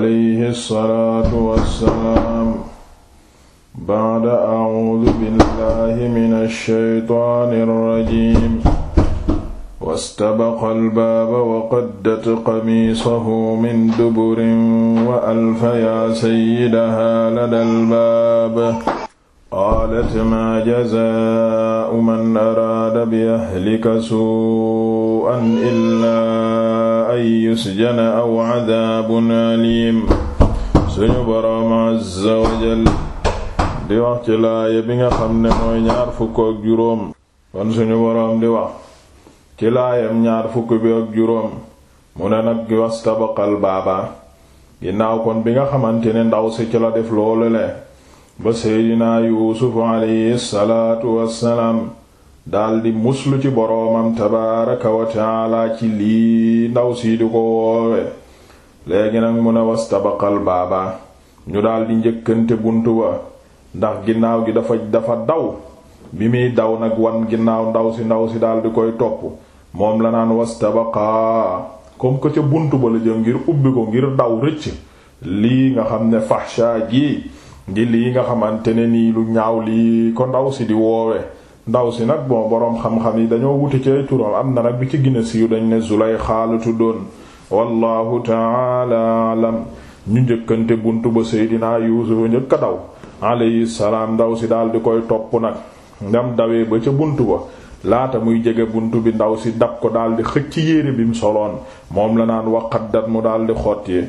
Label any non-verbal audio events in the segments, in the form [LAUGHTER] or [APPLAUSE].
alayhi salaatu wassalaam ba'da a'uudu billahi mina shaytaani rajiim wastabaqa albaaba wa qaddat qamiisahu min duburin wa alfa yaa sayyidahaa lada albaab qaalat maa jazaa'u man araada bi ahlika suu'an illaa an yusjana aw cadaabun aliim suñu boroom azza wa di wax ci laaya bi nga xam ne mooy ñaar fukk ak juróom kon suñu boroom di wax ci laayam ñaar fukk bi ak juróom mu ne nag wastabaqal baaba ginnaaw kon bi nga xamante ne ndaw si ci la def loolu le ba seydinaa yuusuf alayhi salaatu daldi muslu ci boroomam tabaaraka wa ci lii ndaw sii di ko woowe léegi nag mu ne was tabaqal baaba ñu daldi njëkkante bunt ba ndax ginnaaw gi dafa dafa daw bi muy daw nag wan ginnaaw ndaw si ndaw si daldi koy topp moom la naan was tabaqaa comme que ca buntu ba la jëm ngir ubbi ko ngir daw rëcc lii nga xam ne fahsha gi ngir yi nga xamante ne nii lu ñaaw lii ko ndaw si di woowe ndaw si nag bon boroom xam-xam yi dañoo wuti ci ay am na nag bi ci gina siiw dañ ne Zulayxa la tuddoon wallahu taala ñu njëkkante bunt ba Seydina Yuusufa njëkk a daw alayhi salaam ndaw si daal di koy topp nag ndam dawee ba ca bunt ba laata muy jege bunt bi ndaw si dab ko daal di xëcc yére bi mu soloon moom la naan waqat dat mu daal di xotti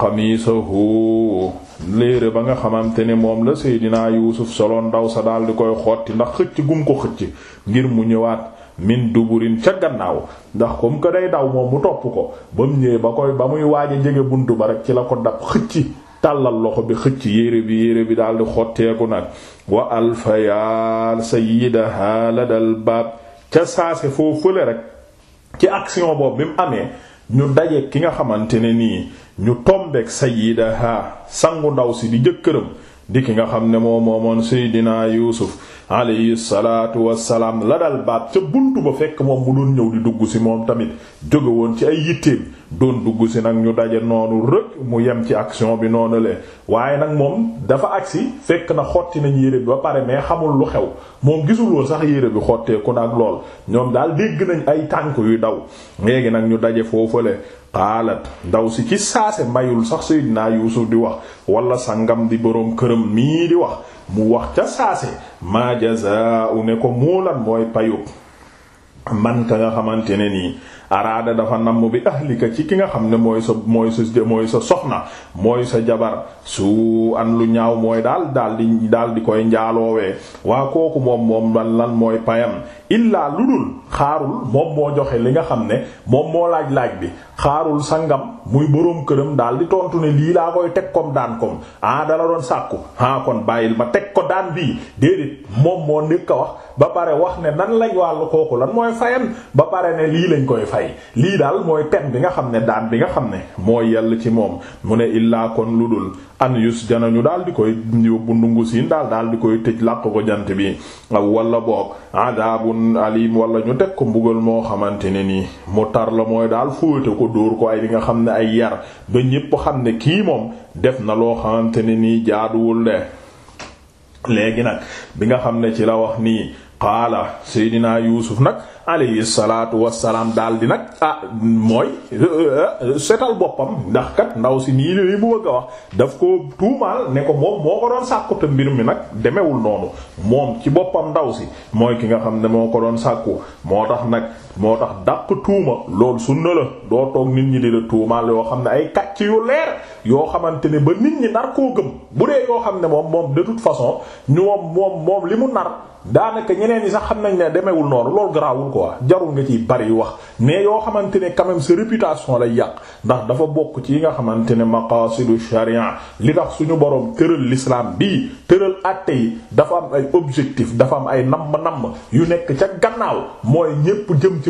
xamiisahu léere ba nga xamante ne moom la seydinaa yuusuf soloon ndaw sa daal di koy xotti ndax xëcc gum ko xëcc ngir mu ñëwaat min du duburin ca gannaaw ndax comme que day daw moom mu topp ko ba mu ñëwee ba koy ba muy waaj a jege buntu ba rek ci la ko dab xëcc tàllal loxo bi xëcc yére bi yére bi daal di xotteeku nag wa alfayaal sayyidaha ladal baab ca saase foofu fële rek ci action boobu bi mu amee ñu daje ki nga xamante ne nii ñu tombeek sayyidaha sangu ndaw si di jëkkëram di ki nga xam ne moo moomoon dina yuusuf alayhi salaatu wassalaam la dal baat ca buntu ba fekk moom mu dul ñëw di dugg si moom tamit jóge woon ci ay yitteem doon dugg si nag ñu daje noonu rëkk mu yem ci action bi noonu le waaye nag moom dafa agsi fekk na xotti nañ yére bi ba pare mais xamul lu xew moo gisul sax yére bi xotteeku nag lool ñoom daal dégg nañ ay tànk yu daw léegi nag ñu daje foofale xaalat ndaw si ci saase mayul sax Seydina Yuusuf di wax wala sangam di boroom këram mii di wax mu wax ca saase maa jazaa'u ne ko muulan mooy payu man ka nga xamante ne nii araada dafa namm bi ahlika ci ki nga xam ne mooy sa mooy sa mooy sa soxna mooy sa jabar su an lu ñaaw mooy daal daal di daal di koy njaaloowee waa kooku moom moom lan lan mooy payam illaa lu dul xaarul moom moo joxe li nga xam ne moom moo laaj laaj bi xaarul sangam muy boroom këram daal di tontu ne lii laa koy teg kom daan kom ah dala doon sàkku ah kon bàyyil ma teg ko daan bii déedéet moom moo nekk a wax ba pare wax ne nan lañ wàll kooku lan mooy fayam ba pare ne lii lañ koy fay lii daal mooy pen bi nga xam ne daan bi nga xam ne moo yell ci moom mu ne illaa kon lu dul an yus jana ñu daal di koy yóbbu ndungu siin daal daal di koy tëj làq ko jant bi aw wala boog adabun alim wala ñu teg ko mbugal moo xamante ne nii mu tar la mooy dóor ko ay li nga xam ne ay yar ba ñépp xam ne kii moom def na loo xamante ne nii jaaduwul de léegi nag bi nga xam ne ci la wax nii qaala seydinaa yuusuf nag alayhi salaatu wassalaam daal di nag ah mooy euh, boppam ndax kat ndaw si nii li mu bëgg a wax daf ko tuumaal ne ko moom moo ko doon sàkku te mbir mi nag demewul noonu moom ci boppam ndaw si mooy ki nga xam ne moo ko doon sàkku moo tax nag moo tax dàq tuuma lool sunna la doo toog nit ñi di la tuumaal yoo xam ne ay kàcc yu leer yoo xamante ne ba nit ñi nar koo gëm bu dee yoo xam ne moom moom de toute façon ñu moom moom moom li mu nar daanaka ñeneen yi sax xam nañ ne demewul noonu loolu garaawul quoi jarul nga ciy bari wax mais yoo xamante ne quand même sa réputation lay yàq ndax dafa bokk ci yi nga xamante ne maqasidu sharia li tax suñu boroom tëral lislaam bii tëral àtte yi dafa am ay objectif dafa am ay namm yu nekk ca gannaaw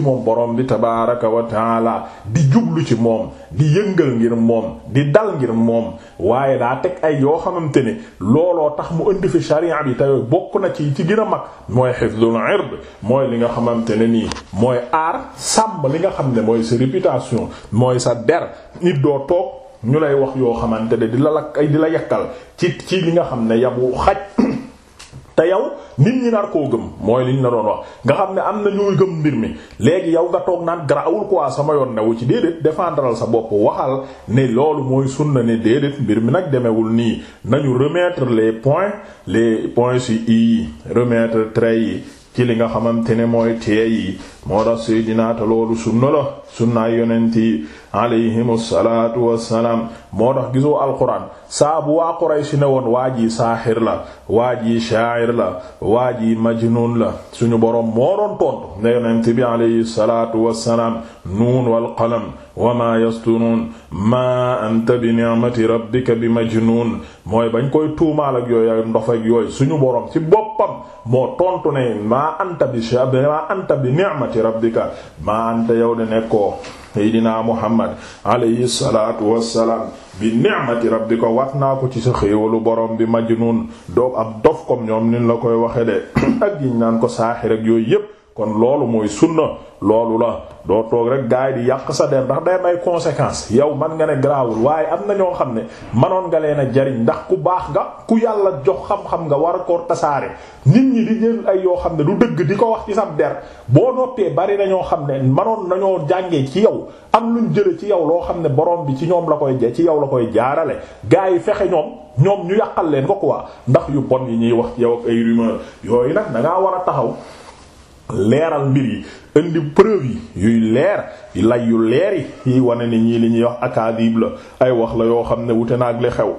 ci moom boroom bi tabaaraka wa taala di jublu ci moom di yëngal ngir moom di dal ngir moom waaye daa teg ay yoo xamante ne looloo tax mu indi fi sharia yi tey bokk na ci ci gën a mag mooy hifdul ird mooy li nga xamante ne nii mooy aar sàmm li nga xam ne mooy sa réputation mooy sa der nit doo toog ñu lay wax yoo xamante ne di la lakk di la yakkal ci ci li nga xam ne yabu xaj te yow nit ñi nar koo gëm mooy li ñu la doon wax nga xam ne am na ñooy gëm mbir mi léegi yow nga toog naan garaawul quoi sama yoon newu ci déedéet défendral sa bopp waxal ne loolu mooy sunna ne déedéet mbir mi nag demewul nii nañu remettre les point les point ci i remettre traits yi ci li nga xamante ne mooy tee yi moo tax Seydina te loolu sunna la sunnaay yonent yi alayhimu salaatu wassalaam moo tax gisoo alquran saa waa Quraysh ne woon waa ji saaxir la waa ji shaa'ir la waa ji majnuun la suñu borom moo doon tontu ne yonent bi alayhi salaatu wassalaam nuun wal qalam wa maa yasturuun maa anta bi ni'mati rabbika mooy bañ koy tuumaal yooy yooyu ndof yooyu suñu boroom ci boppam moo tontu ne maa anta bi shab maa anta bi ni'mati rabbika maa anta yow de nekkoo seydinaa muhammad alayhi salaatu wassalaam bi ni'mati rabbika wax naa ko ci sa xéewalu borom bi majnuun doo ab dof comme ñoom nin la koy waxe de ak yiñ naan ko saaxir ak yooyu yépp kon loolu mooy sunna loolu la doo toog rek gaay di yàq sa der ndax day may conséquence yow man nga ne garaawul waaye am na ñoo xam ne manoon nga leen a jariñ ndax ku baax nga ku yàlla jox xam-xam nga war a ko tasaare nit ñi di jël ay yoo xam ne du dëgg di ko wax ci sa der boo noppee bari na ñoo xam ne manoon nañoo jàngee ci yow am luñ jële ci yow loo xam ne borom bi ci ñoom la koy ci yow la koy jaarale gaay yi fexe ñoom ñoom ñu yàqal leen ko ndax yu bon yi ñuy wax yow ak yooyu nag da ngaa war a taxaw leeral mbir yi indi preuve yi yuy leer lay yu leer yi wane ne ñii li ñuy wax akadib la ay wax la yoo xam ne wute na ak li xew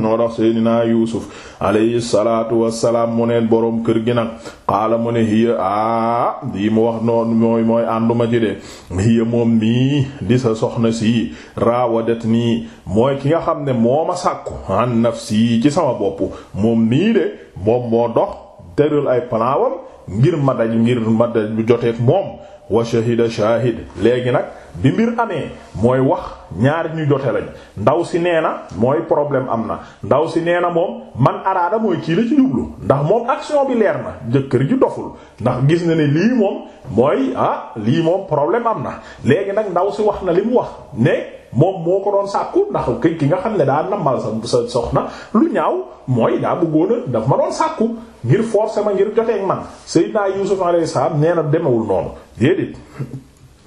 noo [COUGHS] tax seydinaa yuusuf alayhi salaatu wassalaam mu ne boroom kër gi nag xaala mu ne hiya aa di mu wax noonu mooy mooy ànduma ci de hiya moom mii di sa soxna si raawadat nii mooy ki nga xam ne moo ma sàkku an nafsi ci sama bopp moom mii de moom moo dox tëral ay palaawam ngir ma daj ngir ma daj bu joteek moom wa shahida shahid léegi nag bi mbir amee mooy wax ñaar ñu jote lañ ndaw si nee na mooy problème am na ndaw si nee na moom man araada mooy kii la ci jublu ndax moom action bi leer na jëkkër ji doful ndax gis na ne lii moom mooy ah lii moom problème am na léegi nag ndaw si wax na li mu wax ne moom moo ko doon sàkku ndax ki ki nga xam ne daa nammal sa sa soxna lu ñaaw mooy daa bëggoona dafa ma doon sàkku ngir forcer ma ngir joteeg man Seydina Yuusuf alayhi salaam nee na demewul noonu déedéet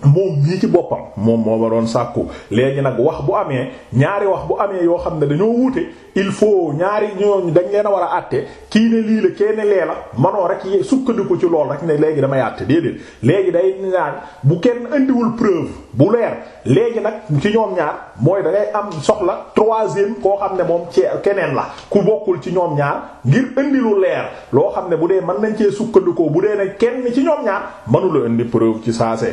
moom mii ci boppam moom moo waroon sàkku léegi nag wax bu amee ñaari wax bu amee yoo xam ne dañoo wuute il faut ñaari ñooñu dañ leen a war a àtte kii ne lii la kee ne lee la manoo rek sukkandiku ci lool rek ne léegi damay àtte déedéet léegi day ñaan bu kenn indiwul preuve bu leer léegi nag ci ñoom ñaar mooy da am soxla troisième koo xam ne moom ci keneen la ku bokkul ci ñoom ñaar ngir indi leer loo xam ne bu dee mën nañ cee sukkandikoo bu dee ne kenn ci ñoom ñaar mënula indi preuve ci saase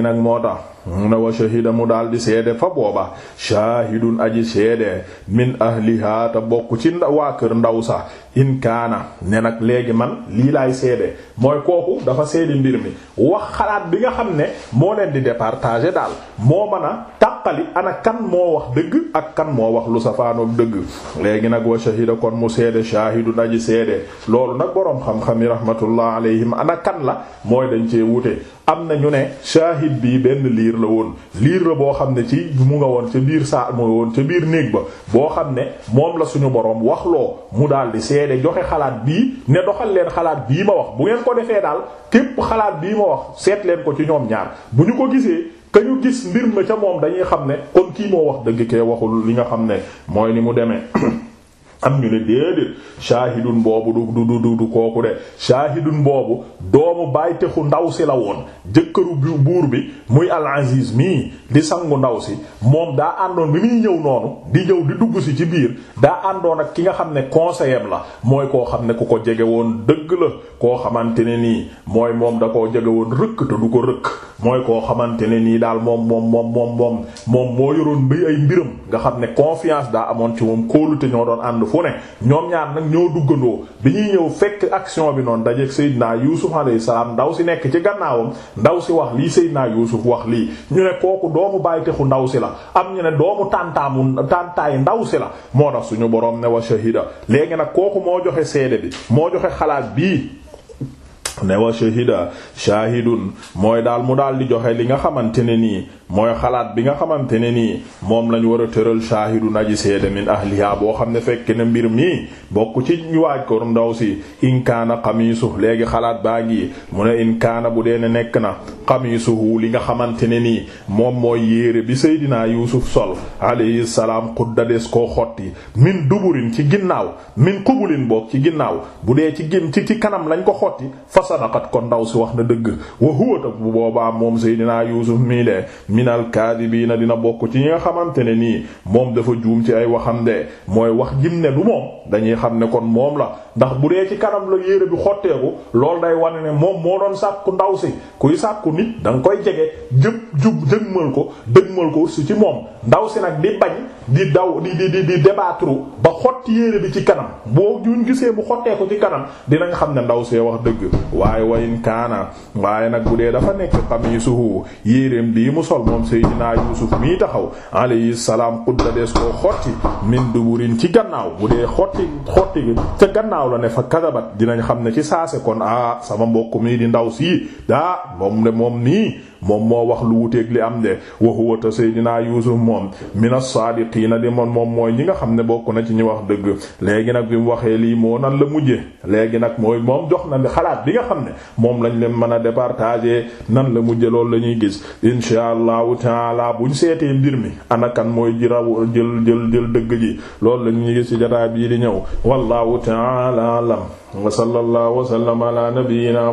gi nag moo tax mu ne wa shahida mu daal di seede fa booba shaahidun aji seede min ahliha ta bokku ci waa kër ndaw sa in kaana ne nag léegi man lii laay seede mooy kooku dafa seede mbir mi wax xalaat bi nga xam ne moo leen di départager daal moo mën a tàqali ana kan moo wax dëgg ak kan moo wax lu safaanoog dëgg léegi nag wa shahida kon mu seede shaahidun aji seede loolu nag boroom xam-xam yi rahmatullah alayhim ana kan la mooy dañ cee wute am na ñu ne shaahid liir la woon liir la boo xam ne ci mu nga woon ca biir saa mu nga woon ca biir néeg ba boo xam ne moom la suñu boroom wax loo mu daal di seede joxe xalaat bii ne doxal leen xalaat bii ma wax bu ngeen ko defee daal képp xalaat bii ma wax seetleen ko ci ñoom ñaar bu ñu ko gisee ka ñu gis mbir ma ca moom dañuy xam ne kon kii moo wax dëgg kee waxul li nga xam ne mooy ni mu demee. [CLEARS THROAT] am ñu ne déedéet shaahidun boobu du du du du kooku de shaahidun boobu doomu bàytexu ndaw si la woon jëkkëru bu buur bi muy al-Aziz mii di sangu ndaw si moom daa àndoon bi muy ñëw noonu di ñëw di dugg si ci biir daa àndoon ak ki nga xam ne conseiller la mooy koo xam ne ku ko jege woon dëgg la koo xamante ne nii mooy moom da koo jege woon rëkk te du ko rëkk mooy koo xamante ne nii daal moom moom moom moom moom moo yoroon bi ay mbiram nga xam ne confiance daa amoon ci moom kóolute ñoo doon ànd fu ne ñoom ñaar nag ñoo duggandoo bi ñuy ñëw fekk action bi noonu dajeeg Seydina Yuusuf alayhi salaam ndaw si nekk ci gannaawam ndaw si wax lii naa Yuusuf wax lii ñu ne kooku doomu bàyytexu ndaw si la am ñu ne doomu tàntaamu tàntaay ndaw si la moo tax suñu boroom ne wa shahida léegi nag kooku moo joxe seede bi moo joxe xalaat bii ne wa shahida shahidun mooy daal mu daal di joxe li nga xamante ne nii mooy xalaat bi nga xamante ne nii moom lañu war a tëral shahidun aji seede min ahliha boo xam ne fekk ne mbir mi bokk ci ñu waaj ko ndaw si inkaana xamiisu léegi xalaat baa ngi mu ne inkaana bu dee ne nekk na xamiisuhu li nga xamante ne nii moom mooy yéere bi seydinaa yuusuf sol alayhi salaam xudda des koo xotti min duburin ci ginnaaw min qubulin boog ci ginnaaw bu dee ci gin ci kanam lañ ko xotti sadaqat kon ndaw si wax na dëgg wa huwa bu boobaa moom Seydina Yuusuf mii de minal kaadibiina dina bokk ci ñi nga xamante ne nii moom dafa juum ci ay waxam de mooy wax jim ne du moom dañuy xam ne kon moom la ndax bu dee ci kanam la yére bi xotteeku loolu day wane ne moom moo doon sàkku ndaw si kuy sàkku nit da koy jege jëp jub dëgmal ko dëgmal ko si ci moom ndaw si nag di bañ di daw di di di débattre xotti yére bi ci kanam boo juñ gisee bu xottee ko ci kanam dinañ xam ne ndaw see wax dëgg waaye wayin kaana waaye nag bu dee dafa nekk xamiisuhu yéreem bii mu sol moom Seydina Yuusuf mii taxaw alayhi salaam qudda dees koo xotti min wurin ci gannaaw bu dee xotti xotti bi ca gannaaw la ne fa kadabat dinañ xam ne ci saase kon ah sama mbokk mii di ndaw sii daa moom de moom nii moom moo wax lu wuteeg li am de wa huwa ta sayidina Yuusuf moom mina saadiqiina di moom moom mooy ñi nga xam ne bokk na ci ñu wax dëgg léegi nag bi mu waxee lii moo nan la mujje léegi nag mooy moom jox na xalaat bi nga xam ne moom lañ leen mën a départager nan la mujje loolu la ñuy gis insha allahu bu buñ seetee mbir mi anakan mooy ji raw jël jël dëgg ji loolu la ñu gis ci jotaay bii di ñëw wallahu taala alam wa sallallahu wa sallama ala nabiyyina